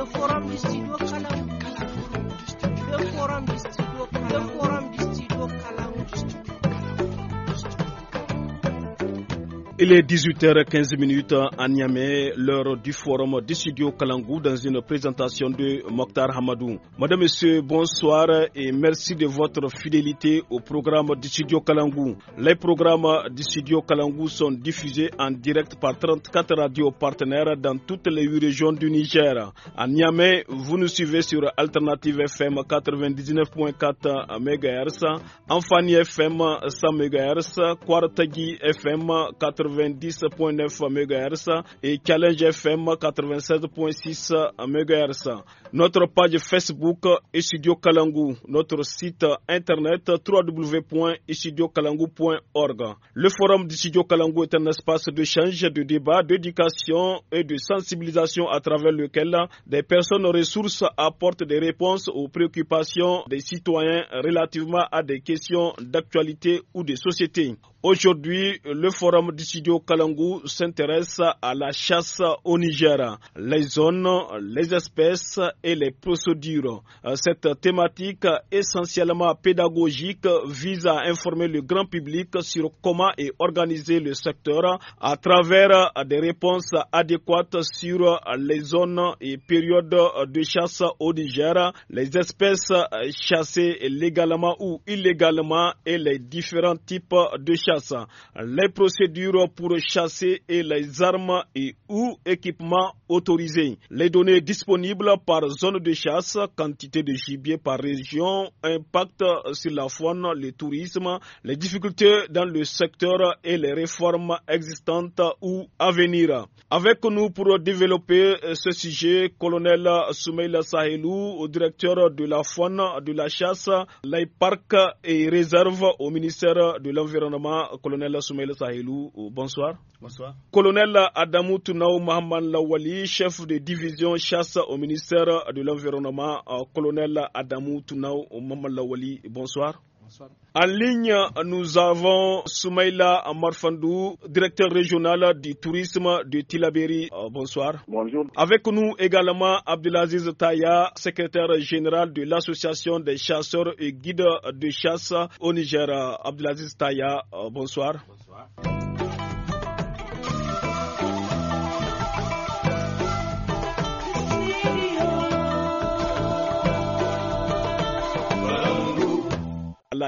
the forum is Il est 18h15 à Niamey, l'heure du forum du studio Kalangou dans une présentation de Mokhtar Hamadou. Madame, messieurs, bonsoir et merci de votre fidélité au programme du studio Kalangou. Les programmes du studio Kalangou sont diffusés en direct par 34 radios partenaires dans toutes les 8 régions du Niger. À Niamey, vous nous suivez sur Alternative FM 99.4 MHz, Enfani FM 100 MHz, Kwartagi FM 80 90.9 MHz et Challenge FM 87.6 MHz. Notre page Facebook Studio Kalangu, notre site internet www.studiokalangu.org. Le forum du Studio Kalangu est un espace d'échange, de débat, d'éducation et de sensibilisation à travers lequel des personnes ressources apportent des réponses aux préoccupations des citoyens relativement à des questions d'actualité ou de société. Aujourd'hui, le forum du studio Kalangu s'intéresse à la chasse au Niger, les zones, les espèces et les procédures. Cette thématique essentiellement pédagogique vise à informer le grand public sur comment est organisé le secteur à travers des réponses adéquates sur les zones et périodes de chasse au Niger, les espèces chassées légalement ou illégalement et les différents types de chasse les procédures pour chasser et les armes et ou équipements autorisés, les données disponibles par zone de chasse, quantité de gibier par région, impact sur la faune, le tourisme, les difficultés dans le secteur et les réformes existantes ou à venir. Avec nous pour développer ce sujet, colonel Soumeila Sahelou, directeur de la faune, de la chasse, les parcs et réserves au ministère de l'Environnement colonel Soumaïl Sahelou, euh, Bonsoir. Bonsoir. Colonel Adamou Tounaou Mohamed Lawali, chef de division chasse au ministère de l'Environnement. Euh, colonel Adamou Tounaou Mohamed Lawali, bonsoir. En ligne, nous avons Soumaïla Marfandou, directeur régional du tourisme de Tilaberi. Euh, bonsoir. Bonjour. Avec nous également Abdelaziz Taya, secrétaire général de l'association des chasseurs et guides de chasse au Niger. Euh, Abdelaziz Taya, euh, bonsoir. Bonsoir.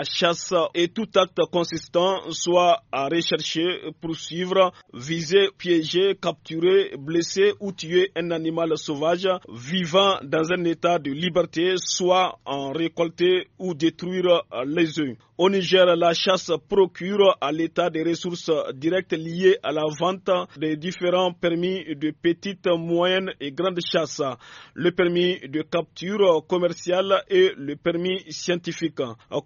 chasse et tout acte consistant soit à rechercher, poursuivre, viser, piéger, capturer, blesser ou tuer un animal sauvage vivant dans un état de liberté, soit en récolter ou détruire les œufs. Au Niger, la chasse procure à l'État des ressources directes liées à la vente des différents permis de petite, moyenne et grande chasse, le permis de capture commerciale et le permis scientifique.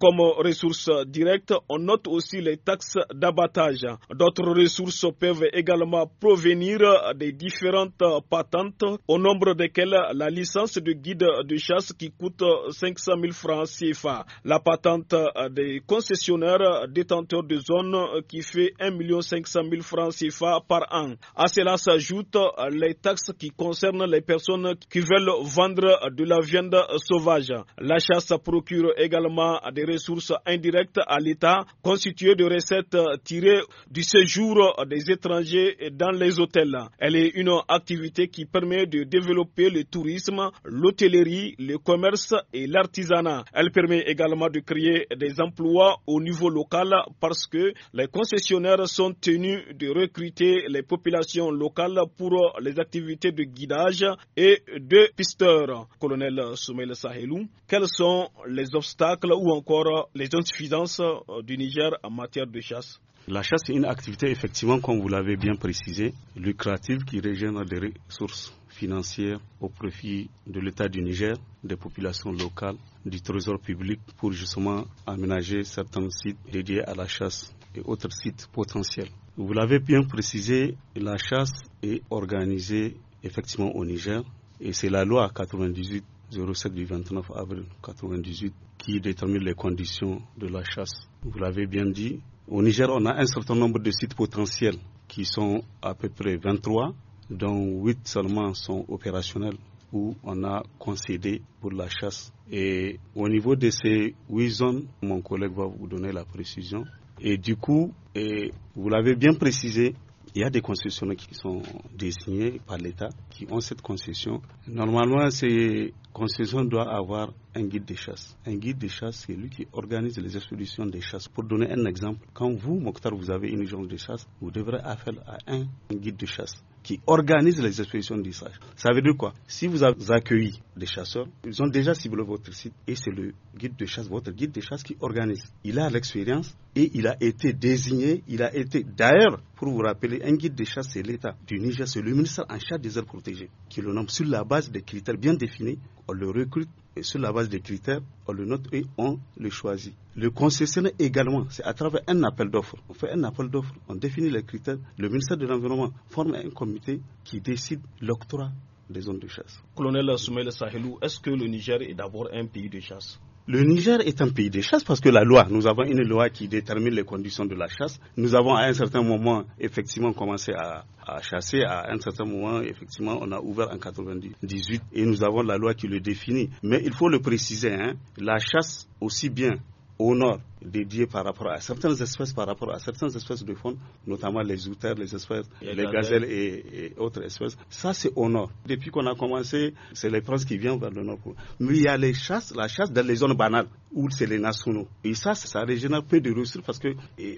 Comme ressources directes, on note aussi les taxes d'abattage. D'autres ressources peuvent également provenir des différentes patentes, au nombre desquelles la licence de guide de chasse qui coûte 500 000 francs CFA, la patente des concessionnaires détenteurs de zones qui fait 1 500 000 francs CFA par an. À cela s'ajoutent les taxes qui concernent les personnes qui veulent vendre de la viande sauvage. La chasse procure également des ressources indirecte à l'État constituée de recettes euh, tirées du séjour euh, des étrangers dans les hôtels. Elle est une activité qui permet de développer le tourisme, l'hôtellerie, le commerce et l'artisanat. Elle permet également de créer des emplois au niveau local parce que les concessionnaires sont tenus de recruter les populations locales pour euh, les activités de guidage et de pisteurs. Colonel Soumel Sahelou, quels sont les obstacles ou encore les euh, du Niger en matière de chasse La chasse est une activité, effectivement, comme vous l'avez bien précisé, lucrative qui régénère des ressources financières au profit de l'État du Niger, des populations locales, du trésor public pour justement aménager certains sites dédiés à la chasse et autres sites potentiels. Vous l'avez bien précisé, la chasse est organisée effectivement au Niger et c'est la loi 98 07 du 29 avril 98 qui détermine les conditions de la chasse. Vous l'avez bien dit, au Niger, on a un certain nombre de sites potentiels qui sont à peu près 23, dont 8 seulement sont opérationnels où on a concédé pour la chasse. Et au niveau de ces 8 zones, mon collègue va vous donner la précision. Et du coup, et vous l'avez bien précisé, il y a des concessionnaires qui sont désignés par l'État, qui ont cette concession. Normalement, c'est concession doit avoir un guide de chasse. Un guide de chasse, c'est lui qui organise les expéditions de chasse. Pour donner un exemple, quand vous, Mokhtar, vous avez une journée de chasse, vous devrez affaire à un guide de chasse qui organise les expéditions de chasse. Ça veut dire quoi Si vous avez accueilli des chasseurs, ils ont déjà ciblé votre site et c'est le guide de chasse, votre guide de chasse qui organise. Il a l'expérience et il a été désigné, il a été d'ailleurs, pour vous rappeler, un guide de chasse, c'est l'État du Niger, c'est le ministère en charge des aires protégées qui le nomme sur la base des critères bien définis on le recrute et sur la base des critères, on le note et on le choisit. Le concessionnaire également, c'est à travers un appel d'offres. On fait un appel d'offres, on définit les critères. Le ministère de l'Environnement forme un comité qui décide l'octroi des zones de chasse. Colonel Soumel Sahelou, est-ce que le Niger est d'abord un pays de chasse le Niger est un pays de chasse parce que la loi, nous avons une loi qui détermine les conditions de la chasse. Nous avons à un certain moment effectivement commencé à, chasser. À un certain moment, effectivement, on a ouvert en 1998. et nous avons la loi qui le définit. Mais il faut le préciser, hein, la chasse aussi bien au nord dédié par rapport à certaines espèces, par rapport à certaines espèces de faune, notamment les outères, les espèces, les gazelles et, autres espèces. Ça, c'est au nord. Depuis qu'on a commencé, c'est les princes qui viennent vers le nord. Mais il y a les chasses, la chasse dans les zones banales, où c'est les nationaux. Et ça, ça régénère peu de ressources parce que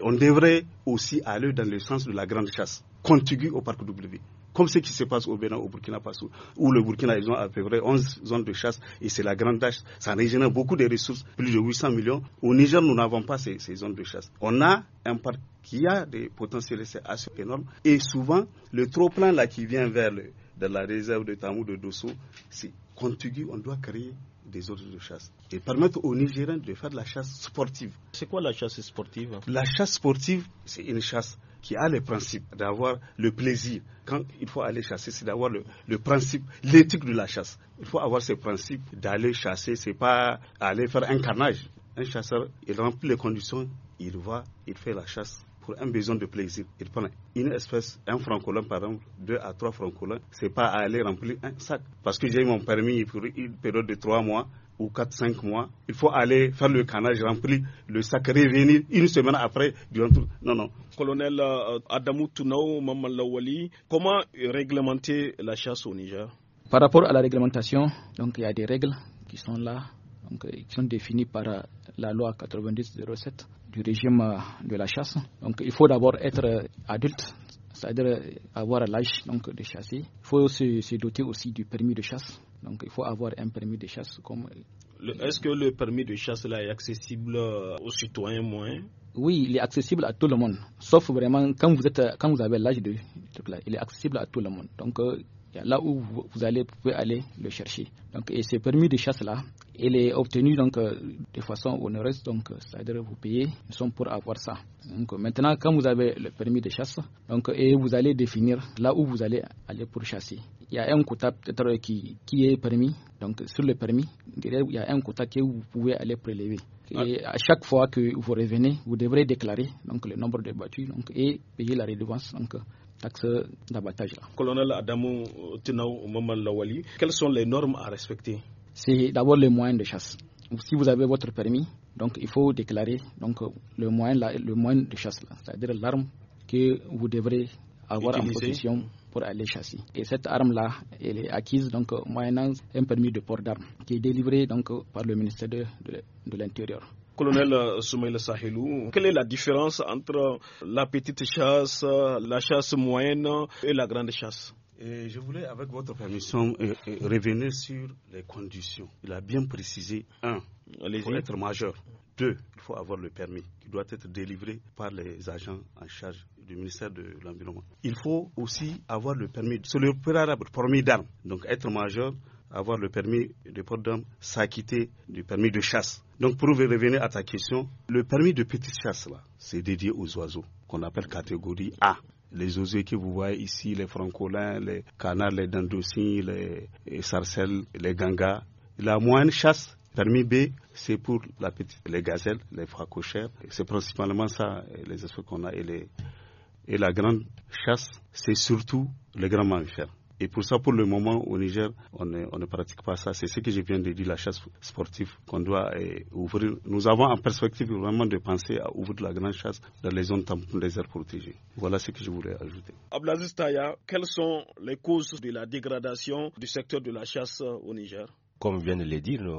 on devrait aussi aller dans le sens de la grande chasse, contiguë au parc W comme ce qui se passe au Bénin, au Burkina Faso, où le Burkina, Faso a à peu près 11 zones de chasse et c'est la grande tâche. Ça régénère beaucoup de ressources, plus de 800 millions. Au Niger, nous n'avons pas ces, zones de chasse. On a un parc qui a des potentiels assez énormes et souvent, le trop-plein là qui vient vers le, de la réserve de Tamou de Dosso, c'est contigu, on doit créer des zones de chasse et permettre aux Nigériens de faire de la chasse sportive. C'est quoi la chasse sportive La chasse sportive, c'est une chasse qui a le principe d'avoir le plaisir. Quand il faut aller chasser, c'est d'avoir le, principe, l'éthique de la chasse. Il faut avoir ce principe d'aller chasser, c'est pas aller faire un carnage. Un chasseur, il remplit les conditions, il va, il fait la chasse pour un besoin de plaisir. Il prend une espèce, un francolin par exemple, deux à trois francolins. C'est pas aller remplir un sac. Parce que j'ai mon permis pour une période de trois mois ou 4-5 mois, il faut aller faire le canage rempli, le sac revenir une semaine après. Non, non. Colonel euh, Adamou Tounaou Mamalawali, comment réglementer la chasse au Niger Par rapport à la réglementation, donc il y a des règles qui sont là, donc, euh, qui sont définies par euh, la loi 90-07 du régime de la chasse. Donc il faut d'abord être adulte, c'est-à-dire avoir l'âge donc, de chasser. Il faut se doter aussi du permis de chasse donc il faut avoir un permis de chasse. Comme... Est-ce que le permis de chasse là est accessible euh, aux citoyens moins Oui, il est accessible à tout le monde. Sauf vraiment quand vous, êtes, quand vous avez l'âge de il est accessible à tout le monde. Donc euh, là où vous allez, pouvez aller le chercher. Donc, et ce permis de chasse-là, il est obtenu donc, euh, de façon onéreuse, donc c'est-à-dire euh, vous payez pour avoir ça. Donc, maintenant, quand vous avez le permis de chasse, donc, et vous allez définir là où vous allez aller pour chasser. Il y a un quota qui, est permis, donc sur le permis, il y a un quota que vous pouvez aller prélever. Et ah. à chaque fois que vous revenez, vous devrez déclarer donc, le nombre de battus donc, et payer la redevance donc, taxe dabattage Colonel Adamou Tinaou Mamal Lawali, quelles sont les normes à respecter C'est d'abord les moyens de chasse. Si vous avez votre permis, donc il faut déclarer donc, euh, le, moyen, le moyen de chasse, c'est-à-dire l'arme que vous devrez avoir en position pour aller chasser. Et cette arme-là, elle est acquise donc euh, moyennant un permis de port d'armes, qui est délivré donc euh, par le ministère de l'Intérieur. Colonel euh, Soumaïla Sahelou. quelle est la différence entre la petite chasse, la chasse moyenne et la grande chasse je voulais, avec votre permission, euh, euh, revenir sur les conditions. Il a bien précisé, un, il faut être majeur. Deux, il faut avoir le permis qui doit être délivré par les agents en charge du ministère de l'Environnement. Il faut aussi avoir le permis, c'est le préalable, permis d'armes. Donc être majeur, avoir le permis de port d'armes, s'acquitter du permis de chasse. Donc pour revenir à ta question, le permis de petite chasse, là, c'est dédié aux oiseaux qu'on appelle catégorie A. Les oiseaux que vous voyez ici, les francolins, les canards, les dandossins, les sarcelles, les gangas. La moyenne chasse, permis B, c'est pour la petite, les gazelles, les fracochères. C'est principalement ça, les espèces qu'on a. Et, et la grande chasse, c'est surtout les grands mammifères. Et pour ça, pour le moment, au Niger, on ne, pratique pas ça. C'est ce que je viens de dire, la chasse sportive qu'on doit eh, ouvrir. Nous avons en perspective vraiment de penser à ouvrir la grande chasse dans les zones tampons les aires protégées. Voilà ce que je voulais ajouter. Ablaziz quelles sont les causes de la dégradation du secteur de la chasse au Niger Comme vient de le dire le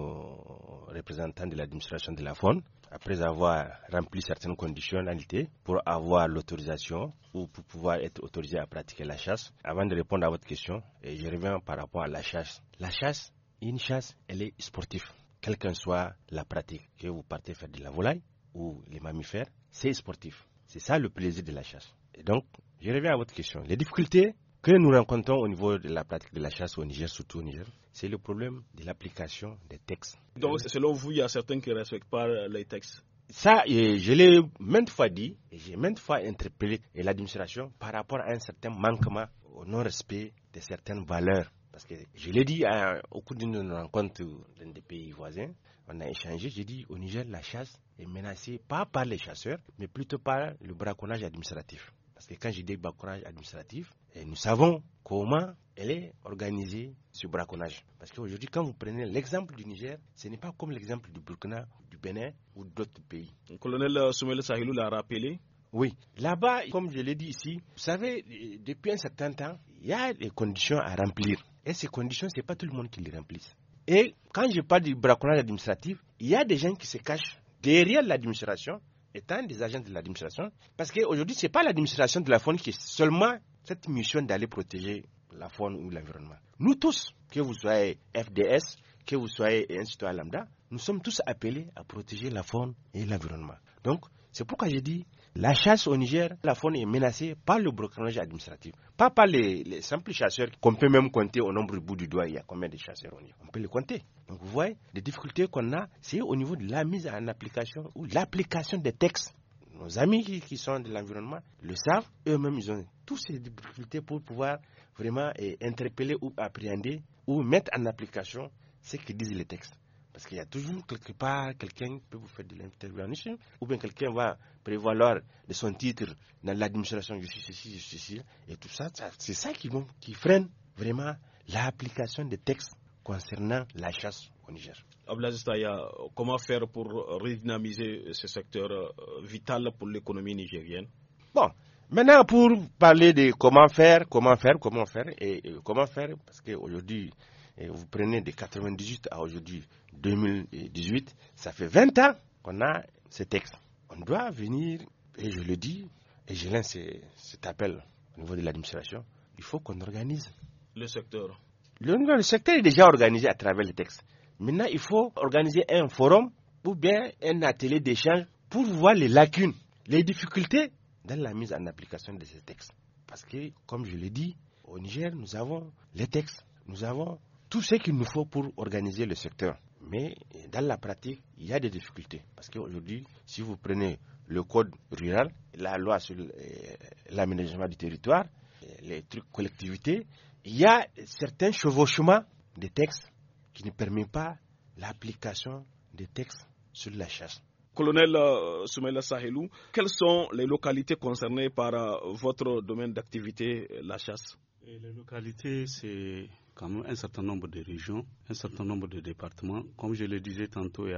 représentant de l'administration de la faune, après avoir rempli certaines conditionnalités pour avoir l'autorisation ou pour pouvoir être autorisé à pratiquer la chasse. Avant de répondre à votre question, et je reviens par rapport à la chasse. La chasse, une chasse, elle est sportive. Quelle qu'en soit la pratique, que vous partez faire de la volaille ou les mammifères, c'est sportif. C'est ça le plaisir de la chasse. Et donc, je reviens à votre question. Les difficultés, que nous rencontrons au niveau de la pratique de la chasse au Niger, surtout au Niger, c'est le problème de l'application des textes. Donc, selon vous, il y a certains qui ne respectent pas les textes ça, je l'ai maintes fois dit, et j'ai maintes fois interpellé l'administration par rapport à un certain manquement au non-respect de certaines valeurs. Parce que je l'ai dit au cours d'une rencontre dans des pays voisins, on a échangé, j'ai dit au Niger, la chasse est menacée pas par les chasseurs, mais plutôt par le braconnage administratif. Parce que quand je dis braconnage administratif, nous savons comment elle est organisée, ce braconnage. Parce qu'aujourd'hui, quand vous prenez l'exemple du Niger, ce n'est pas comme l'exemple du Burkina, du Bénin ou d'autres pays. Le colonel euh, Soumel Sahilou l'a rappelé. Oui. Là-bas, comme je l'ai dit ici, vous savez, depuis un certain temps, il y a des conditions à remplir. Et ces conditions, ce n'est pas tout le monde qui les remplisse. Et quand je parle du braconnage administratif, il y a des gens qui se cachent derrière l'administration étant des agents de l'administration, parce qu'aujourd'hui, ce n'est pas l'administration de la faune qui est seulement cette mission d'aller protéger la faune ou l'environnement. Nous tous, que vous soyez FDS, que vous soyez un citoyen lambda, nous sommes tous appelés à protéger la faune et l'environnement. Donc, c'est pourquoi j'ai dit la chasse au Niger, la faune est menacée par le brokerage administratif, pas par les, simples chasseurs qu'on peut même compter au nombre du bout du doigt. Il y a combien de chasseurs au Niger On peut les compter. Donc vous voyez, les difficultés qu'on a, c'est au niveau de la mise en application ou l'application des textes nos amis qui, sont de l'environnement le savent, eux-mêmes, ils ont toutes ces difficultés pour pouvoir vraiment eh, interpeller ou appréhender ou mettre en application ce que disent les textes. Parce qu'il y a toujours quelque part quelqu'un qui peut vous faire de l'intervention, ou bien quelqu'un va prévaloir de son titre dans l'administration, je suis ceci, je et tout ça, c'est ça qui, freine vraiment l'application des textes concernant la chasse au Niger. Ablazistaya, comment faire pour redynamiser ce secteur euh, vital pour l'économie nigérienne Bon, maintenant pour parler de comment faire, comment faire, comment faire, et, comment faire, parce qu'aujourd'hui, eh, vous prenez de 98 à aujourd'hui, 2018, ça fait 20 ans qu'on a ce texte. On doit venir, et je le dis, et je lance cet appel au niveau de l'administration, il faut qu'on organise. Le secteur le, secteur est déjà organisé à travers les textes. Maintenant, il faut organiser un forum ou bien un atelier d'échange pour voir les lacunes, les difficultés dans la mise en application de ces textes. Parce que, comme je l'ai dit, au Niger, nous avons les textes, nous avons tout ce qu'il nous faut pour organiser le secteur. Mais dans la pratique, il y a des difficultés. Parce qu'aujourd'hui, si vous prenez le code rural, la loi sur euh, l'aménagement du territoire, euh, les trucs collectivités, il y a certains chevauchements des textes qui ne permettent pas l'application des textes sur la chasse. Colonel euh, Soumela Sahelou, quelles sont les localités concernées par votre domaine d'activité, la chasse les localités, c'est quand même un certain nombre de régions, un certain nombre de départements. Comme je le disais tantôt, il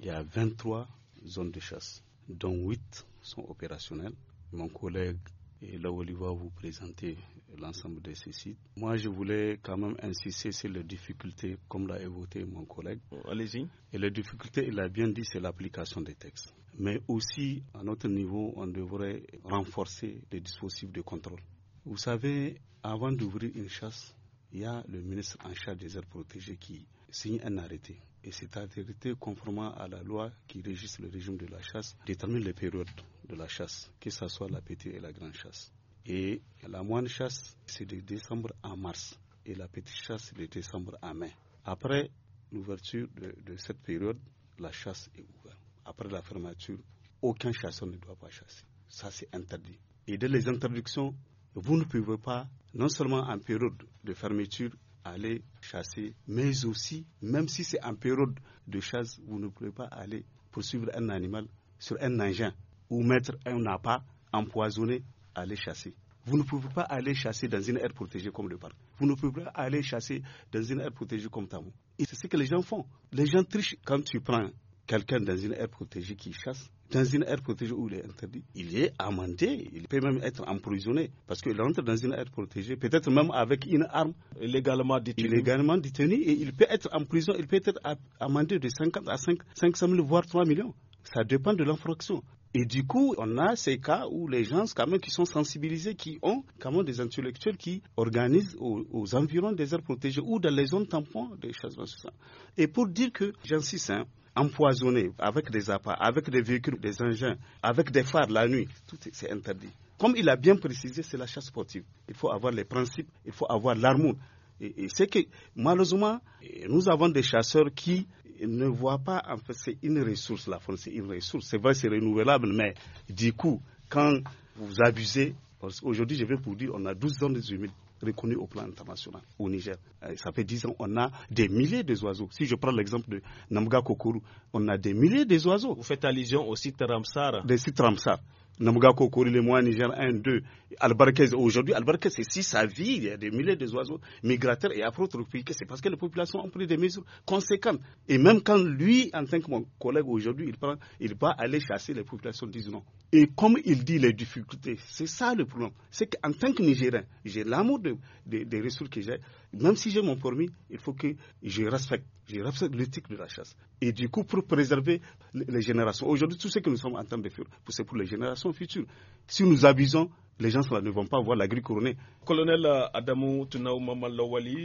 y a, 23 zones de chasse, dont 8 sont opérationnelles. Mon collègue et là où il va vous présenter l'ensemble de ces sites. Moi, je voulais quand même insister sur les difficultés, comme l'a évoqué mon collègue. Oh, allez-y. Et les difficultés, il a bien dit, c'est l'application des textes. Mais aussi, à notre niveau, on devrait renforcer les dispositifs de contrôle. Vous savez, avant d'ouvrir une chasse, il y a le ministre en charge des aires protégées qui signe un arrêté. Et cet arrêté, conformément à la loi qui régisse le régime de la chasse, détermine les périodes de la chasse, que ce soit la petite et la grande chasse. Et la moindre chasse, c'est de décembre à mars. Et la petite chasse, c'est de décembre à mai. Après l'ouverture de, cette période, la chasse est ouverte. Après la fermeture, aucun chasseur ne doit pas chasser. Ça, c'est interdit. Et dès les interdictions, vous ne pouvez pas, non seulement en période de fermeture, aller chasser, mais aussi, même si c'est en période de chasse, vous ne pouvez pas aller poursuivre un animal sur un engin ou mettre un appât empoisonné, aller chasser. Vous ne pouvez pas aller chasser dans une aire protégée comme le parc. Vous ne pouvez pas aller chasser dans une aire protégée comme Tamou. Et c'est ce que les gens font. Les gens trichent. Quand tu prends quelqu'un dans une aire protégée qui chasse, dans une aire protégée où il est interdit, il est amendé, il peut même être emprisonné parce qu'il rentre dans une aire protégée, peut-être même avec une arme légalement détenue. et il peut être en prison, il peut être amendé de 50 à 500 000 voire 3 millions. Ça dépend de l'infraction. Et du coup, on a ces cas où les gens, quand même, qui sont sensibilisés, qui ont quand des intellectuels qui organisent aux, environs des aires protégées ou dans les zones tampons des chasseurs. Et pour dire que, j'insiste, hein, empoisonné avec des appâts, avec des véhicules, des engins, avec des phares la nuit. Tout c'est interdit. Comme il a bien précisé, c'est la chasse sportive. Il faut avoir les principes, il faut avoir l'harmonie. Et, c'est que malheureusement, nous avons des chasseurs qui ne voient pas, en fait, c'est une ressource, la faune, c'est une ressource. C'est vrai, c'est renouvelable, mais du coup, quand vous abusez, aujourd'hui, je vais vous dire, on a 12 zones humides reconnu au plan international au Niger. Euh, ça fait 10 ans, on a des milliers d'oiseaux. Si je prends l'exemple de Namga Kokourou, on a des milliers d'oiseaux. Vous faites allusion au site Ramsar. Des sites Ramsar. Namugako Korile, moi, Niger 1, 2, Albarquez. Aujourd'hui, Albarquez, c'est si sa vie, il y a des milliers d'oiseaux migrateurs et afro-tropiques. C'est parce que les populations ont pris des mesures conséquentes. Et même quand lui, en tant que mon collègue aujourd'hui, il, prend, il va aller chasser les populations, disent non. Et comme il dit les difficultés, c'est ça le problème. C'est qu'en tant que Nigérien, j'ai l'amour des ressources que j'ai. Même si j'ai mon permis, il faut que je respecte. Je l'éthique de la chasse. Et du coup, pour préserver les générations. Aujourd'hui, tout ce que nous sommes en train de faire, c'est pour les générations futures. Si nous abusons, les gens ne vont pas voir la grille couronnée. Colonel euh, Adamou Tunaou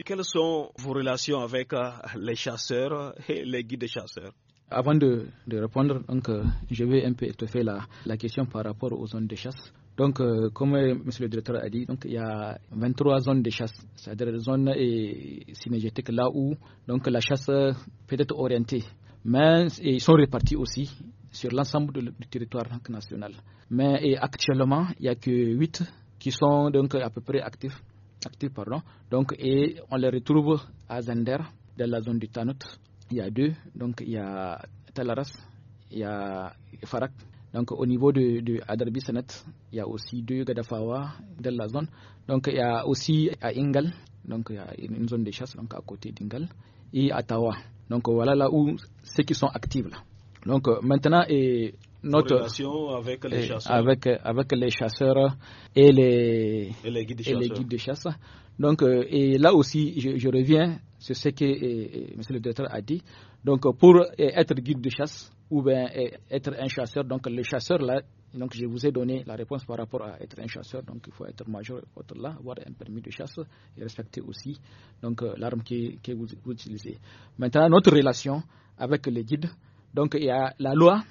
quelles sont vos relations avec euh, les chasseurs et les guides de chasseurs Avant de, répondre, euh, je vais un peu étoffer la question par rapport aux zones de chasse. Donc, euh, comme euh, Monsieur M. le directeur a dit, il y a 23 zones de chasse, c'est-à-dire des zones euh, synergétiques là où donc, la chasse peut être orientée. Mais ils sont répartis aussi sur l'ensemble du territoire national. Mais actuellement, il n'y a que 8 qui sont donc à peu près actifs. actifs pardon. Donc, et on les retrouve à Zender, dans la zone du Tanout. Il y a deux, donc il y a Talaras, il y a Farak donc au niveau de, de Adarbi Sanat, il y a aussi deux Gadafawa dans la zone. Donc il y a aussi à Ingal, donc il y a une zone de chasse donc à côté d'Ingal, et à Tawa. Donc voilà là où ceux qui sont actifs là. Donc euh, maintenant et notre relation avec les chasseurs, et les, guides, de chasse. Donc euh, et là aussi je, je reviens sur ce que euh, M. le directeur a dit. Donc pour euh, être guide de chasse ou bien euh, être un chasseur, donc le chasseur là, donc je vous ai donné la réponse par rapport à être un chasseur, donc il faut être major là, avoir un permis de chasse et respecter aussi donc euh, l'arme que, vous, utilisez. Maintenant notre relation avec les guides, donc il y a la loi,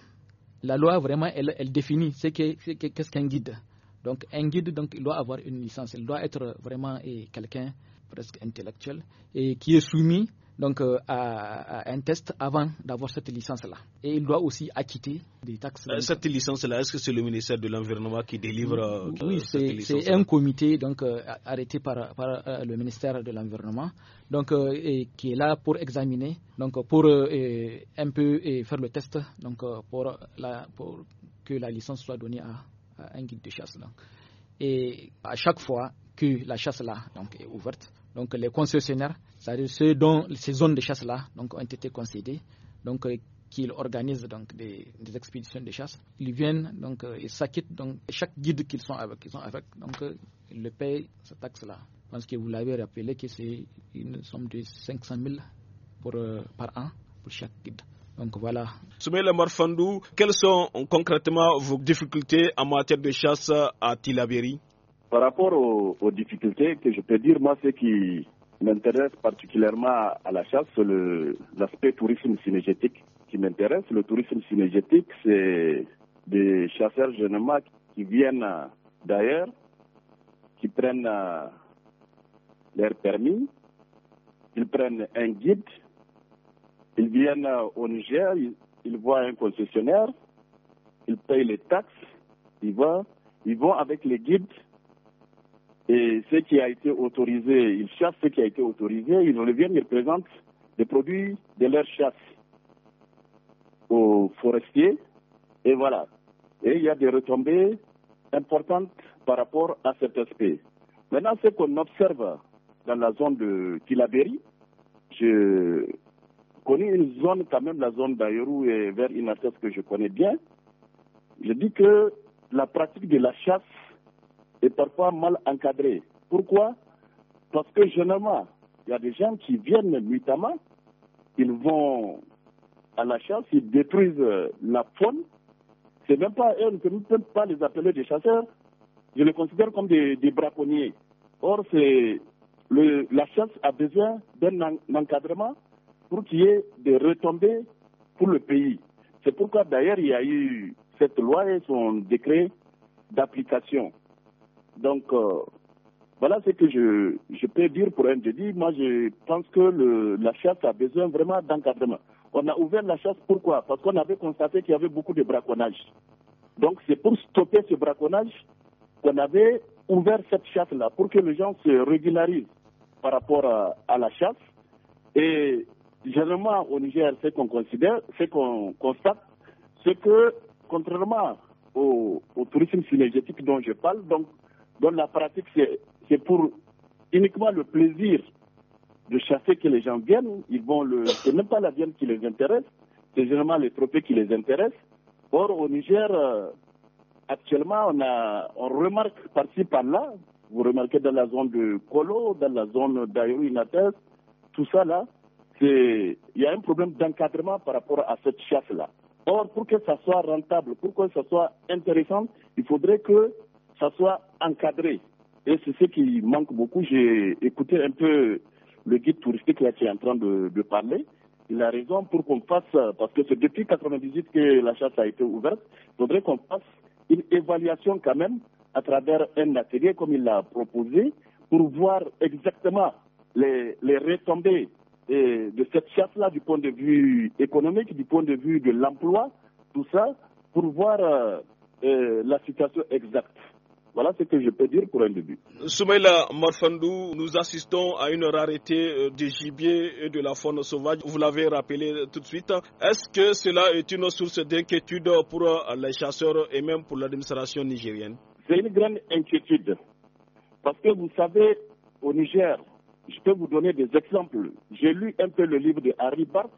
la loi vraiment elle, elle définit ce qu'est qu'est-ce qu'un guide. Donc un guide donc il doit avoir une licence, il doit être vraiment quelqu'un presque intellectuel et qui est soumis donc euh, à, un test avant d'avoir cette licence-là. Et il doit aussi acquitter des taxes. Euh, cette licence-là, est-ce que c'est le ministère de l'Environnement qui délivre Oui, euh, oui c'est un comité donc, arrêté par, le ministère de l'Environnement donc, et qui est là pour examiner, donc, pour un peu faire le test donc, pour, que la licence soit donnée à, un guide de chasse. Et à chaque fois que la chasse-là est ouverte, donc les concessionnaires c'est-à-dire ceux dont ces zones de chasse-là donc, ont été concédées, donc euh, qu'ils organisent donc, des, expéditions de chasse. Ils viennent donc, et euh, s'acquittent. Donc, chaque guide qu'ils sont avec, ils sont avec donc, euh, le payent cette taxe-là. parce que vous l'avez rappelé que c'est une somme de 500 000 pour, par an pour chaque guide. Donc voilà. Soumaïla Marfandou, quelles sont concrètement vos difficultés en matière de chasse à Tilaberi Par rapport aux, difficultés, que je peux dire, moi, c'est que m'intéresse particulièrement à la chasse, c'est l'aspect tourisme synergétique qui m'intéresse. Le tourisme synergétique, c'est des chasseurs jeunes qui viennent d'ailleurs, qui prennent euh, leur permis, ils prennent un guide, ils viennent au Niger, ils, ils voient un concessionnaire, ils payent les taxes, ils vont, ils vont avec les guides et ce qui a été autorisé, ils chassent ce qui a été autorisé, ils reviennent, ils présentent des produits de leur chasse aux forestiers. Et voilà. Et il y a des retombées importantes par rapport à cet aspect. Maintenant, ce qu'on observe dans la zone de Tilaberi, je connais une zone, quand même la zone d'Aïrou et vers Inates que je connais bien. Je dis que la pratique de la chasse et parfois mal encadré. Pourquoi Parce que généralement, il y a des gens qui viennent nuitamment. ils vont à la chasse, ils détruisent euh, la faune. C'est même pas eux, nous ne pouvons pas les appeler des chasseurs. Je les considère comme des, braconniers. Or, c'est la chasse a besoin d'un encadrement pour qu'il y ait des retombées pour le pays. C'est pourquoi d'ailleurs il y a eu cette loi et son décret d'application. Donc, euh, voilà ce que je, peux dire pour un jeudi. Moi, je pense que le, la chasse a besoin vraiment d'encadrement. On a ouvert la chasse, pourquoi Parce qu'on avait constaté qu'il y avait beaucoup de braconnage. Donc, c'est pour stopper ce braconnage qu'on avait ouvert cette chasse-là, pour que les gens se régularisent par rapport à, la chasse. Et généralement, au Niger, ce qu'on considère, ce qu'on constate, c'est que, contrairement au, au tourisme synergétique dont je parle, donc donc la pratique, c'est pour uniquement le plaisir de chasser que les gens viennent. Ils vont le, c'est même pas la viande qui les intéresse, c'est généralement les trophées qui les intéressent. Or au Niger, euh, actuellement, on a, on remarque par-ci par-là. Vous remarquez dans la zone de Kolo, dans la zone d'Ayo Inates, tout ça là, c'est, il y a un problème d'encadrement par rapport à cette chasse là. Or, pour que ça soit rentable, pour que ça soit intéressant, il faudrait que ça soit encadré. Et c'est ce qui manque beaucoup. J'ai écouté un peu le guide touristique qui est en train de, parler. Il a raison pour qu'on fasse, parce que c'est depuis 1998 que la chasse a été ouverte, il faudrait qu'on fasse une évaluation quand même à travers un atelier comme il l'a proposé pour voir exactement les, les retombées eh, de cette chasse-là du point de vue économique, du point de vue de l'emploi, tout ça, pour voir euh, eh, la situation exacte. Voilà ce que je peux dire pour un début. Soumaïla Morfandou, nous assistons à une rareté euh, du gibier et de la faune sauvage. Vous l'avez rappelé tout de suite. Est-ce que cela est une source d'inquiétude pour euh, les chasseurs et même pour l'administration nigérienne C'est une grande inquiétude. Parce que vous savez, au Niger, je peux vous donner des exemples. J'ai lu un peu le livre de Harry Bart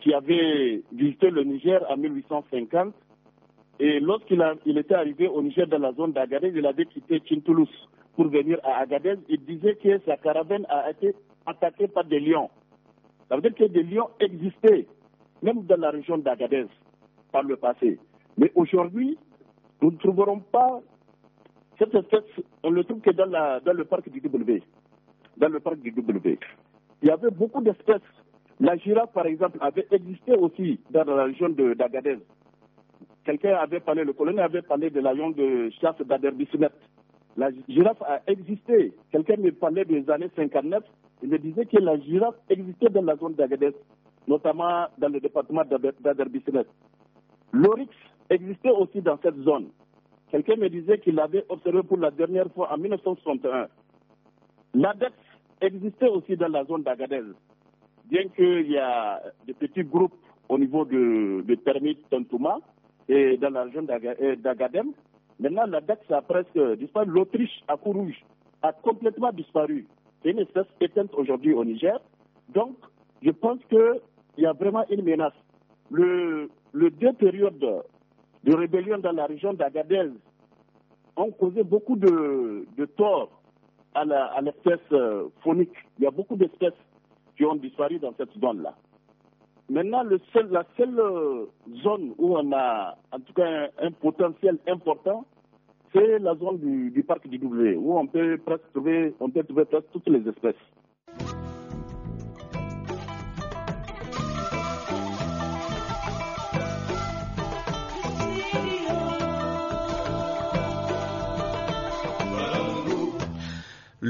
qui avait visité le Niger en 1850 et lorsqu'il il était arrivé au Niger dans la zone d'Agadez, il avait quitté Tintoulouse pour venir à Agadez. Il disait que sa caravane a été attaquée par des lions. Ça veut dire que des lions existaient, même dans la région d'Agadez, par le passé. Mais aujourd'hui, nous ne trouverons pas cette espèce, on le trouve que dans, la, dans le parc du W. Dans le parc du W. Il y avait beaucoup d'espèces. La girafe, par exemple, avait existé aussi dans la région d'Agadez. Quelqu'un avait parlé, le colonel avait parlé de l'avion de chasse d'Aderbisinet. La girafe a existé. Quelqu'un me parlait des années 59. Il me disait que la girafe existait dans la zone d'Agadez, notamment dans le département d'Aderbisinet. L'orix existait aussi dans cette zone. Quelqu'un me disait qu'il l'avait observé pour la dernière fois en 1961. L'ADEX existait aussi dans la zone d'Agadez, bien qu'il y a des petits groupes au niveau de, de Termite et dans la région euh, d'Agadem. Maintenant, la dette, ça a presque disparu. Euh, L'Autriche, à rouge a complètement disparu. C'est une espèce éteinte aujourd'hui au Niger. Donc, je pense qu'il y a vraiment une menace. Le, deux périodes de rébellion dans la région d'Agadez ont causé beaucoup de, de torts à l'espèce phonique. Euh, il y a beaucoup d'espèces qui ont disparu dans cette zone-là. Maintenant, le seul, la seule euh, zone où on a en tout cas un, potentiel important, c'est la zone du, parc du W, où on peut presque trouver, on peut trouver presque toutes les espèces.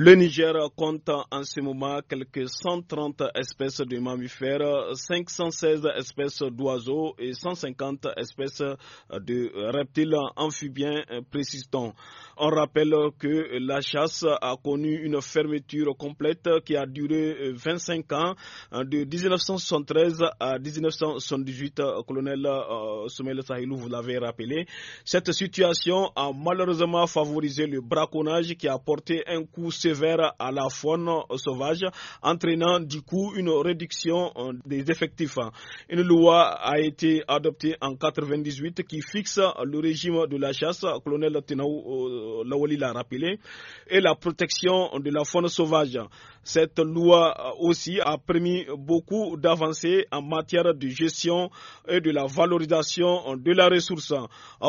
Le Niger compte en ce moment quelques 130 espèces de mammifères, 516 espèces d'oiseaux et 150 espèces de reptiles amphibiens, persistants. On rappelle que la chasse a connu une fermeture complète qui a duré 25 ans, de 1973 à 1978. Colonel euh, Soumel Sahilou, vous l'avez rappelé. Cette situation a malheureusement favorisé le braconnage qui a porté un coup vers à la faune sauvage, entraînant du coup une réduction euh, des effectifs. Une loi a été adoptée en 1998 qui fixe le régime de la chasse, colonel Tenaou euh, Lawali l'a rappelé, et la protection de la faune sauvage. Cette loi euh, aussi a permis beaucoup d'avancées en matière de gestion et de la valorisation de la ressource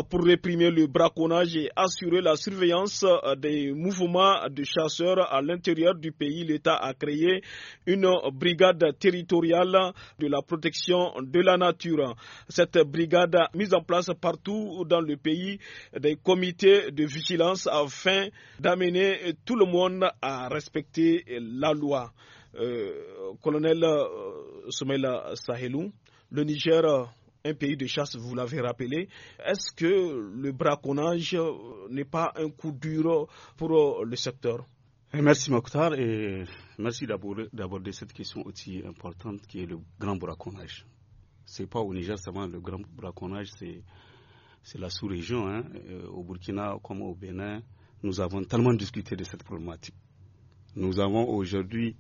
pour réprimer le braconnage et assurer la surveillance des mouvements de chasse à l'intérieur du pays, l'État a créé une brigade territoriale de la protection de la nature. Cette brigade a mis en place partout dans le pays des comités de vigilance afin d'amener tout le monde à respecter la loi. Euh, colonel euh, Somel Sahelou, le Niger, un pays de chasse, vous l'avez rappelé, est-ce que le braconnage n'est pas un coup dur pour le secteur eh, merci Mokhtar et merci d'aborder cette question aussi importante qui est le grand braconnage. n'est pas au Niger seulement le grand braconnage, c'est la sous-région. Hein. Euh, au Burkina comme au Bénin, nous avons tellement discuté de cette problématique. Nous avons aujourd'hui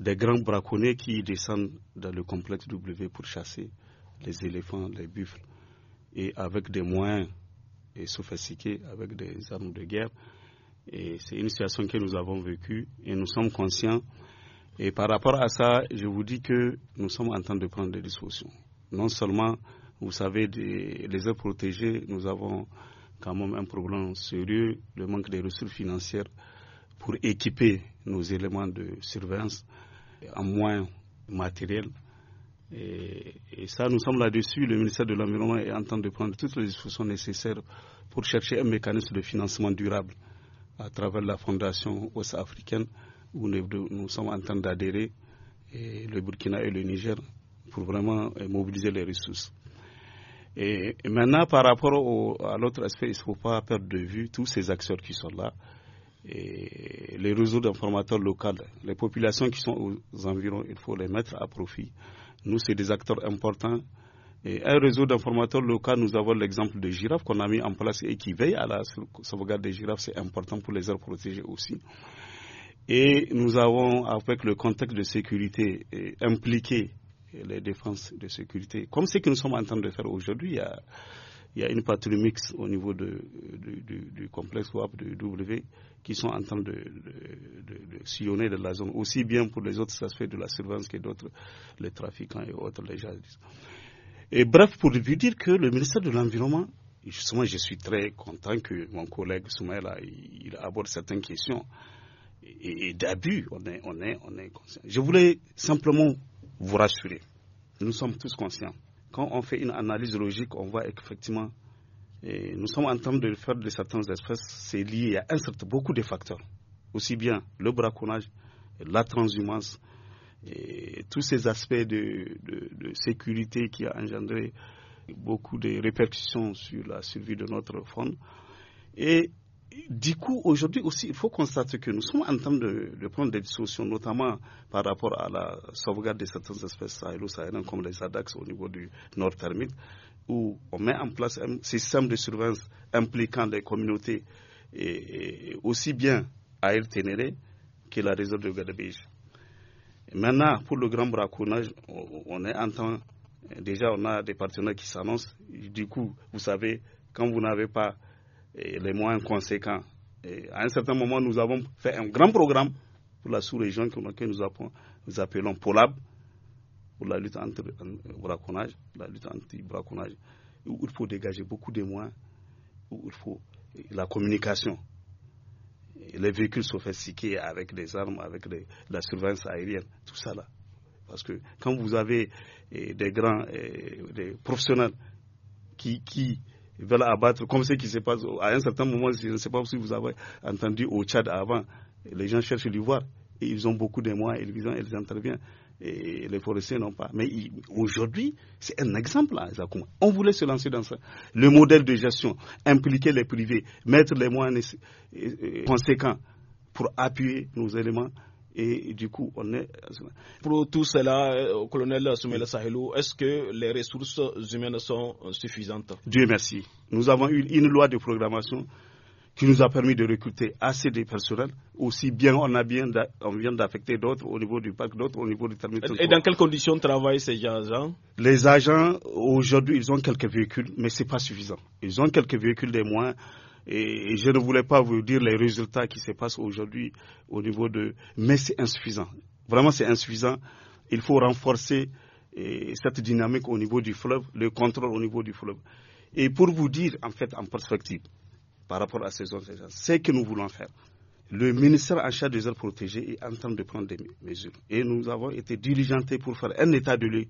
des grands braconniers qui descendent dans le complexe W pour chasser les éléphants, les buffles, et avec des moyens et sophistiqués, avec des armes de guerre c'est une situation que nous avons vécue et nous sommes conscients. Et par rapport à ça, je vous dis que nous sommes en train de prendre des dispositions. Non seulement, vous savez, les aides protégées, nous avons quand même un problème sérieux, le manque de ressources financières pour équiper nos éléments de surveillance en moins matériel. et, ça, nous sommes là-dessus. Le ministère de l'Environnement est en train de prendre toutes les dispositions nécessaires pour chercher un mécanisme de financement durable à travers la Fondation ouest-africaine où nous, sommes en train d'adhérer le Burkina et le Niger pour vraiment euh, mobiliser les ressources. Et, maintenant, par rapport à l'autre aspect, il ne faut pas perdre de vue tous ces acteurs qui sont là. les réseaux d'informateurs locaux, les populations qui sont aux environs, il faut les mettre à profit. Nous, c'est des acteurs importants et un réseau d'informateurs locaux, nous avons l'exemple de girafes qu'on a mis en place et qui veille à la sauvegarde des girafes. C'est important pour les aires protégées aussi. Et nous avons, avec le contexte de sécurité, eh, impliqué les défenses de sécurité. Comme ce que nous sommes en train de faire aujourd'hui, il y a, une patrouille mixte au niveau du, complexe WAP de W qui sont en train de, sillonner de la zone, aussi bien pour les autres aspects de la surveillance que d'autres, les trafiquants et autres, les jardins bref, pour vous dire que le ministère de l'Environnement, justement, je suis très content que mon collègue Soumaïla aborde certaines questions et, d'abus. On est, on, est, on est conscient. Je voulais simplement vous rassurer. Nous sommes tous conscients. Quand on fait une analyse logique, on voit effectivement, nous sommes en train de faire de certains espèces, c'est lié à un beaucoup de facteurs. Aussi bien le braconnage, la transhumance, et tous ces aspects de, sécurité qui a engendré beaucoup de répercussions sur la survie de notre faune. Et du coup, aujourd'hui aussi, il faut constater que nous sommes en train de, prendre des discussions, notamment par rapport à la sauvegarde de certaines espèces sahélo-sahéliennes comme les ADAX au niveau du Nord thermique, où on met en place un système de surveillance impliquant les communautés, et, aussi bien à El Ténéré que la réserve de Gadebej. Maintenant, pour le grand braconnage, on est en train, euh, Déjà, on a des partenaires qui s'annoncent. Du coup, vous savez, quand vous n'avez pas euh, les moyens conséquents, euh, à un certain moment, nous avons fait un grand programme pour la sous-région que nous appelons, POLAB, pour la lutte anti-braconnage, la lutte anti-braconnage, où il faut dégager beaucoup de moyens, où il faut la communication les véhicules sophistiqués avec des armes, avec la surveillance aérienne, tout ça là. Parce que quand vous avez eh, des grands, eh, des professionnels qui, qui, veulent abattre, comme ce qui se passe à un certain moment, je ne sais pas si vous avez entendu au Tchad avant, les gens cherchent voir et ils ont beaucoup de et ils, ils interviennent et les forestiers n'ont pas. Mais aujourd'hui, c'est un exemple. Là, hein, on voulait se lancer dans ça. Le modèle de gestion, impliquer les privés, mettre les moyens conséquents pour appuyer nos éléments. Et du coup, on est. Pour tout cela, euh, colonel Soumela Sahelou, est-ce que les ressources humaines sont euh, suffisantes Dieu merci. Nous avons eu une loi de programmation qui nous a permis de recruter assez de personnel. Aussi bien, on, a bien, on vient d'affecter d'autres au niveau du parc, d'autres au niveau du terminal. Et dans quelles conditions travaillent ces agents Les agents, aujourd'hui, ils ont quelques véhicules, mais ce n'est pas suffisant. Ils ont quelques véhicules des moins. Et je ne voulais pas vous dire les résultats qui se passent aujourd'hui au niveau de... Mais c'est insuffisant. Vraiment, c'est insuffisant. Il faut renforcer cette dynamique au niveau du fleuve, le contrôle au niveau du fleuve. Et pour vous dire, en fait, en perspective, par rapport à ces zones. C'est ce que nous voulons faire. Le ministère en charge des aires protégées est en train de prendre des mesures. Et nous avons été diligentés pour faire un état de lieu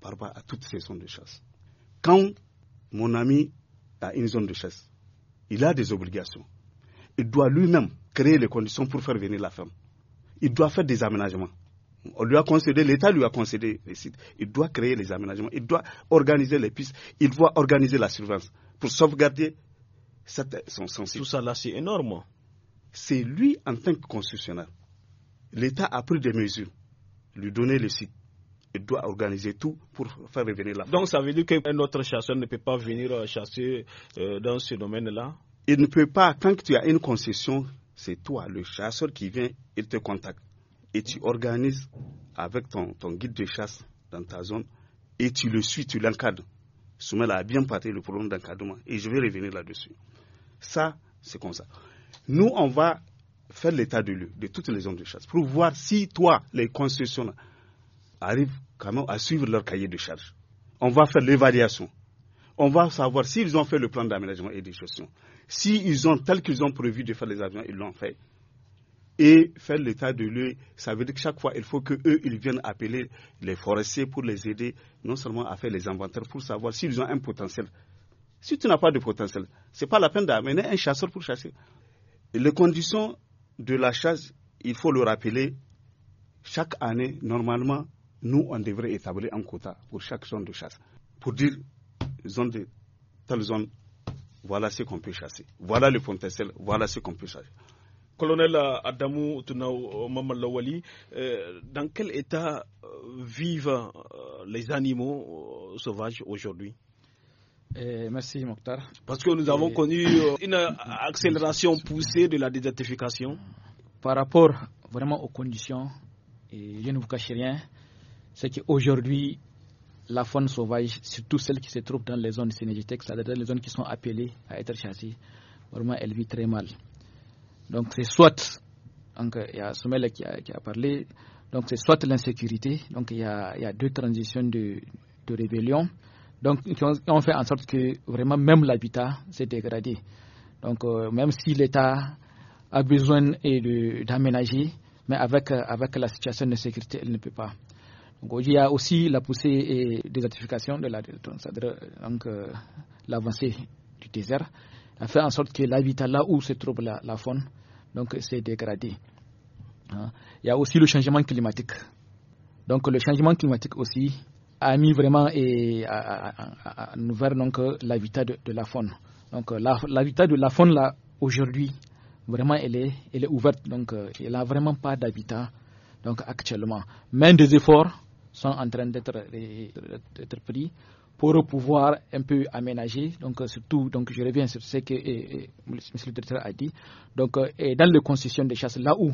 par rapport à toutes ces zones de chasse. Quand mon ami a une zone de chasse, il a des obligations. Il doit lui-même créer les conditions pour faire venir la femme. Il doit faire des aménagements. On lui a l'État lui a concédé les sites. Il doit créer les aménagements, il doit organiser les pistes, il doit organiser la surveillance pour sauvegarder tout ça là, c'est énorme. C'est lui en tant que constitutionnel. L'État a pris des mesures, lui donner le site. Il doit organiser tout pour faire revenir la Donc ça veut dire qu'un autre chasseur ne peut pas venir euh, chasser euh, dans ce domaine-là Il ne peut pas. Quand tu as une concession, c'est toi, le chasseur, qui vient, il te contacte. Et tu organises avec ton, guide de chasse dans ta zone et tu le suis, tu l'encadres. Soumel a bien parlé le problème d'encadrement et je vais revenir là-dessus. Ça, c'est comme ça. Nous, on va faire l'état de lieu de toutes les zones de chasse pour voir si toi, les concessionnaires, arrivent à suivre leur cahier de charge. On va faire l'évaluation. On va savoir s'ils ont fait le plan d'aménagement et de gestion. S'ils ont, tel qu'ils ont prévu de faire les avions, ils l'ont fait. Et faire l'état de lieu, ça veut dire que chaque fois, il faut qu'eux, ils viennent appeler les forestiers pour les aider, non seulement à faire les inventaires, pour savoir s'ils ont un potentiel si tu n'as pas de potentiel, ce n'est pas la peine d'amener un chasseur pour chasser. Les conditions de la chasse, il faut le rappeler, chaque année, normalement, nous, on devrait établir un quota pour chaque zone de chasse. Pour dire, zone de telle zone, voilà ce qu'on peut chasser. Voilà le potentiel, voilà ce qu'on peut chasser. Colonel Adamou Tunao euh, Mamalawali, euh, dans quel état euh, vivent les animaux sauvages aujourd'hui merci Mokhtar. Parce que nous avons connu euh, une accélération poussée de la désertification. Par rapport vraiment aux conditions, et je ne vous cache rien, c'est qu'aujourd'hui, la faune sauvage, surtout celle qui se trouve dans les zones synergétiques, c'est-à-dire les zones qui sont appelées à être chassées, vraiment elle vit très mal. Donc c'est soit, il y a Sommel qui a, parlé, donc c'est soit l'insécurité, donc il y, a, deux transitions de rébellion donc on ont, fait en sorte que vraiment même l'habitat s'est dégradé. Donc euh, même si l'État a besoin d'aménager, mais avec, euh, avec la situation de sécurité, il ne peut pas. Donc, il y a aussi la poussée et des de la donc euh, l'avancée du désert a fait en sorte que l'habitat là où se trouve la, faune donc s'est dégradé. Hein. Il y a aussi le changement climatique. Donc le changement climatique aussi a mis vraiment et a, ouvert donc euh, l'habitat de, la faune. Donc euh, l'habitat de la faune là aujourd'hui vraiment elle est elle est ouverte donc euh, elle a vraiment pas d'habitat donc actuellement. Mais des efforts sont en train d'être pris pour pouvoir un peu aménager. Donc, surtout, donc, je reviens sur ce que M. le directeur a dit. Donc, dans les concessions de chasse, là où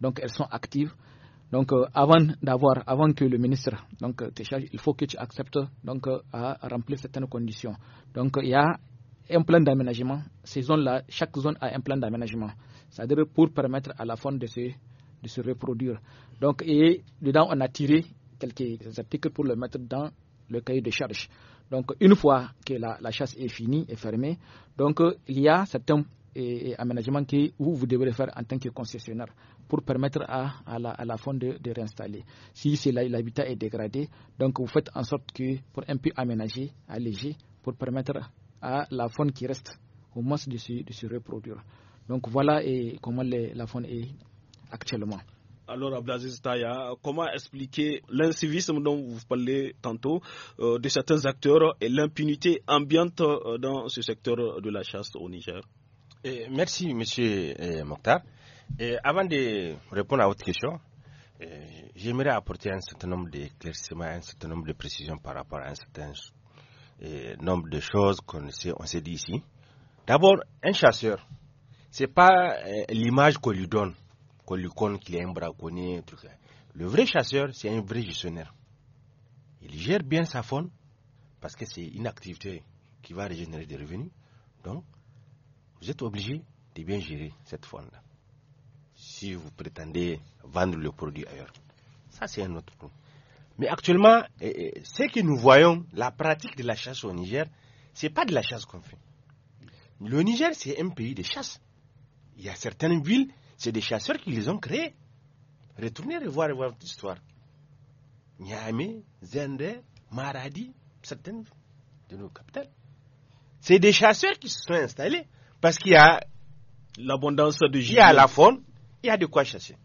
donc, elles sont actives, donc, euh, avant d'avoir, avant que le ministre donc, euh, te charge, il faut que tu acceptes donc, euh, à remplir certaines conditions. Donc, il y a un plan d'aménagement. Ces zones-là, chaque zone a un plan d'aménagement. C'est-à-dire pour permettre à la faune de se, de se reproduire. Donc, et dedans, on a tiré quelques articles pour le mettre dans le cahier de charge. Donc, une fois que la, chasse est finie et fermée, donc, il y a certains et aménagement que vous, vous devrez faire en tant que concessionnaire pour permettre à, la, faune de, réinstaller. Si l'habitat est dégradé, donc vous faites en sorte que pour un peu aménager, alléger, pour permettre à la faune qui reste au moins de se, reproduire. Donc voilà comment la faune est actuellement. Alors, Abdelaziz Taya, comment expliquer l'incivisme dont vous parlez tantôt euh, de certains acteurs et l'impunité ambiante euh, dans ce secteur de la chasse au Niger eh, merci, Monsieur eh, Mokhtar. Eh, avant de répondre à votre question, j'aimerais apporter un certain nombre d'éclaircissements, un certain nombre de précisions par rapport à un certain nombre de choses qu'on s'est dit ici. D'abord, un chasseur, c'est pas l'image qu'on lui donne, qu'on lui conne qu'il est un braconnier, hein. Le vrai chasseur, c'est un vrai gestionnaire. Il gère bien sa faune parce que c'est une activité qui va régénérer des revenus. Donc, vous êtes obligé de bien gérer cette forme-là. si vous prétendez vendre le produit ailleurs. Ça, c'est un autre point. Mais actuellement, ce que nous voyons, la pratique de la chasse au Niger, ce n'est pas de la chasse qu'on fait. Le Niger, c'est un pays de chasse. Il y a certaines villes, c'est des chasseurs qui les ont créées. Retournez revoir votre histoire. Niamey, Zende, Maradi, certaines de nos capitales. C'est des chasseurs qui se sont installés. Parce qu'il y a l'abondance de gibier. Il y a la faune, il y a de quoi chasser.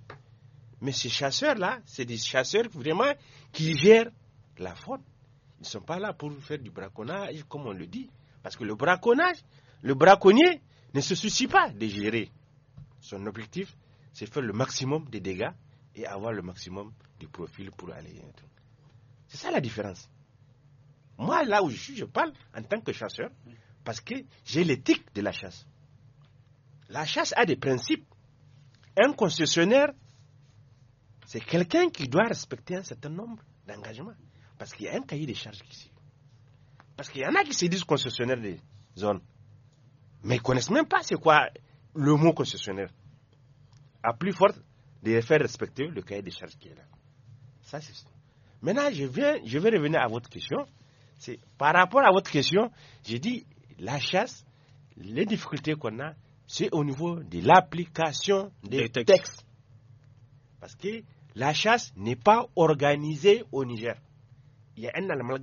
Mais ces chasseurs-là, c'est des chasseurs vraiment qui gèrent la faune. Ils ne sont pas là pour faire du braconnage, comme on le dit. Parce que le braconnage, le braconnier ne se soucie pas de gérer. Son objectif, c'est faire le maximum de dégâts et avoir le maximum de profil pour aller. C'est ça la différence. Moi, là où je suis, je parle en tant que chasseur. Parce que j'ai l'éthique de la chasse. La chasse a des principes. Un concessionnaire, c'est quelqu'un qui doit respecter un certain nombre d'engagements. Parce qu'il y a un cahier des charges ici. Parce qu'il y en a qui se disent concessionnaires des zones. Mais ils ne connaissent même pas c'est quoi le mot concessionnaire. A plus forte de faire respecter le cahier des charges qui est là. Ça, c'est Maintenant, je, viens, je vais revenir à votre question. par rapport à votre question, j'ai dit la chasse, les difficultés qu'on a, c'est au niveau de l'application des, textes. Parce que la chasse n'est pas organisée au Niger. Il y a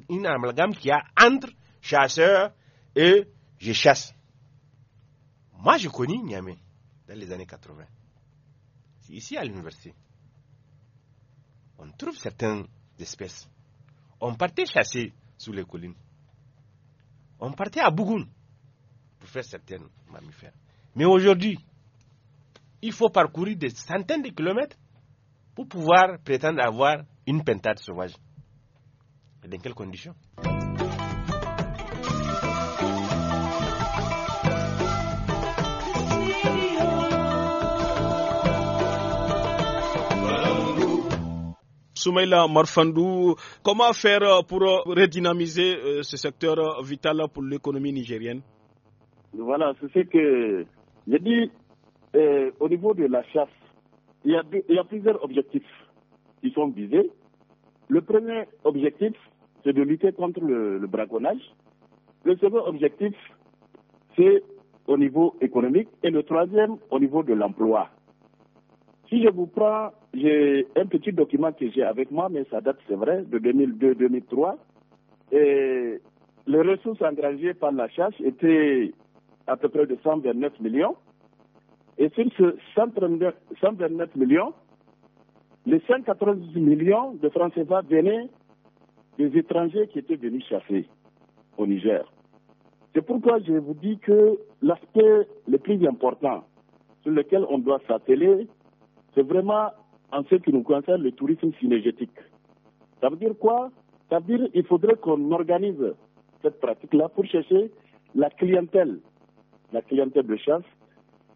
une amalgame qui a entre chasseurs et je chasse. Moi, je connais Niamey dans les années 80. C'est ici à l'université. On trouve certaines espèces. On partait chasser sous les collines. On partait à Bougoun pour faire certaines mammifères. Mais aujourd'hui, il faut parcourir des centaines de kilomètres pour pouvoir prétendre avoir une pentade sauvage. Et dans quelles conditions Soumaïla Marfandou, comment faire euh, pour euh, redynamiser euh, ce secteur vital pour l'économie nigérienne Voilà, c'est que j'ai dit au niveau de la chasse. Il y, a plusieurs objectifs qui sont visés. Le premier objectif, c'est de lutter contre le braconnage. Le second objectif, c'est au niveau économique. Et le troisième, au niveau de l'emploi. Si je vous prends j'ai un petit document que j'ai avec moi, mais ça date, c'est vrai, de 2002-2003. Et les ressources engagées par la chasse étaient à peu près de 129 millions. Et sur ce 129 millions, les 190 millions de Français CFA venaient des étrangers qui étaient venus chasser au Niger. C'est pourquoi je vous dis que l'aspect le plus important sur lequel on doit s'atteler, c'est vraiment en ce qui nous concerne le tourisme synergétique. Ça veut dire quoi Ça veut dire qu'il faudrait qu'on organise cette pratique-là pour chercher la clientèle, la clientèle de chasse.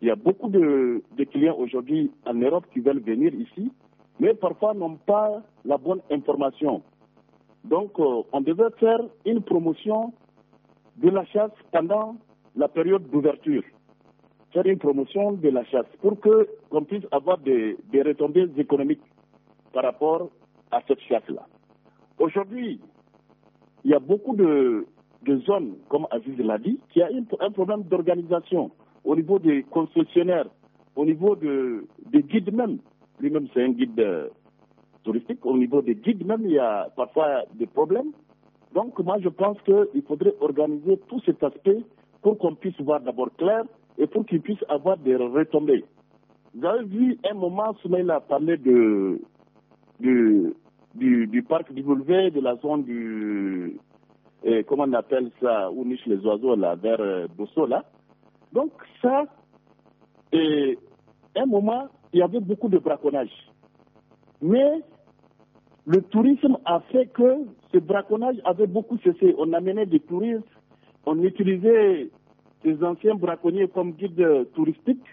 Il y a beaucoup de, clients aujourd'hui en Europe qui veulent venir ici, mais parfois n'ont pas la bonne information. Donc, euh, on devait faire une promotion de la chasse pendant la période d'ouverture faire une promotion de la chasse pour que qu'on puisse avoir des, retombées économiques par rapport à cette chasse-là. Aujourd'hui, il y a beaucoup de, zones, comme Aziz l'a dit, qui a un problème d'organisation au niveau des concessionnaires, au niveau de, des guides même. Lui-même, c'est un guide euh, touristique. Au niveau des guides même, il y a parfois des problèmes. Donc, moi, je pense qu'il faudrait organiser tout cet aspect pour qu'on puisse voir d'abord clair et pour qu'ils puissent avoir des retombées. Vous avez vu un moment, ce a parlé de, du, du, parc du boulevard, de la zone du. Eh, comment on appelle ça Où nichent les oiseaux, là, vers euh, Bosso, là. Donc, ça, et eh, un moment, il y avait beaucoup de braconnage. Mais le tourisme a fait que ce braconnage avait beaucoup cessé. On amenait des touristes, on utilisait des anciens braconniers comme guide touristique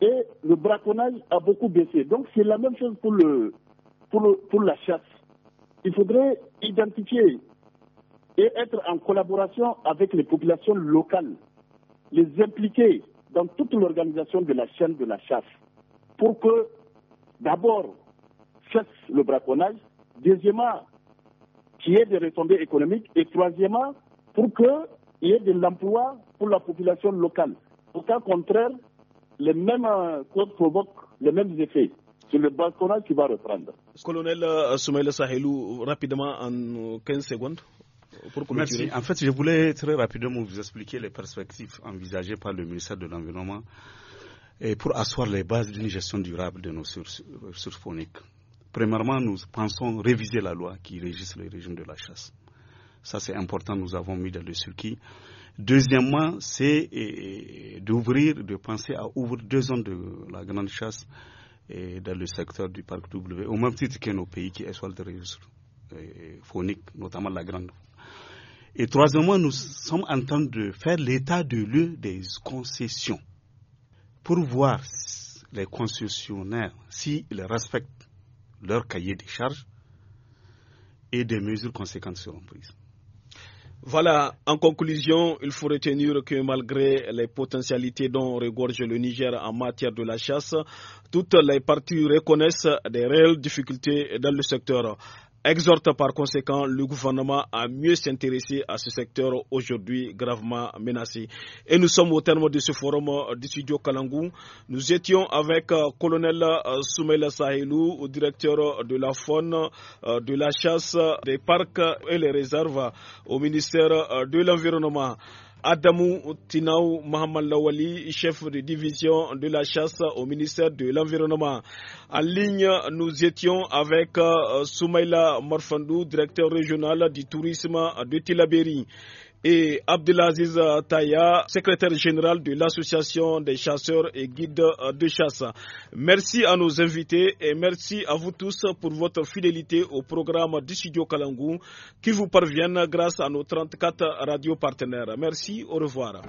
et le braconnage a beaucoup baissé. Donc c'est la même chose pour, le, pour, pour la chasse. Il faudrait identifier et être en collaboration avec les populations locales, les impliquer dans toute l'organisation de la chaîne de la chasse pour que d'abord cesse le braconnage, deuxièmement qu'il y ait des retombées économiques et troisièmement pour que il y ait de l'emploi pour la population locale. Au cas contraire, les mêmes euh, causes provoquent les mêmes effets. C'est le balconnage qui va reprendre. Colonel euh, Soumaïla Sahelou, rapidement en 15 euh, secondes. Merci. En fait, je voulais très rapidement vous expliquer les perspectives envisagées par le ministère de l'Environnement pour asseoir les bases d'une gestion durable de nos ressources phoniques. Premièrement, nous pensons réviser la loi qui régisse le régime de la chasse. Ça, c'est important, nous avons mis dans le circuit. Deuxièmement, c'est eh, eh, d'ouvrir, de penser à ouvrir deux zones de la grande chasse eh, dans le secteur du parc W, au même titre que nos pays qui exploitent des ressources phoniques, notamment la grande. Et troisièmement, nous sommes en train de faire l'état de lieu des concessions pour voir les concessionnaires s'ils respectent leur cahier des charges et des mesures conséquentes seront prises. Voilà, en conclusion, il faut retenir que malgré les potentialités dont regorge le Niger en matière de la chasse, toutes les parties reconnaissent des réelles difficultés dans le secteur exhorte par conséquent le gouvernement à mieux s'intéresser à ce secteur aujourd'hui gravement menacé. Et nous sommes au terme de ce forum du studio Kalangou. Nous étions avec euh, colonel euh, Soumel Sahelou, directeur de la faune, euh, de la chasse, des parcs et les réserves au ministère de l'Environnement. Adamu Tinaou Mohammalawali, Lawali, chef de division de la chasse au ministère de l'Environnement. En ligne, nous étions avec euh, Soumaïla Morfandou, directeur régional du tourisme de Tilaberi et Abdelaziz Taya, secrétaire général de l'Association des chasseurs et guides de chasse. Merci à nos invités et merci à vous tous pour votre fidélité au programme du studio Kalangou qui vous parvient grâce à nos 34 radios partenaires. Merci, au revoir.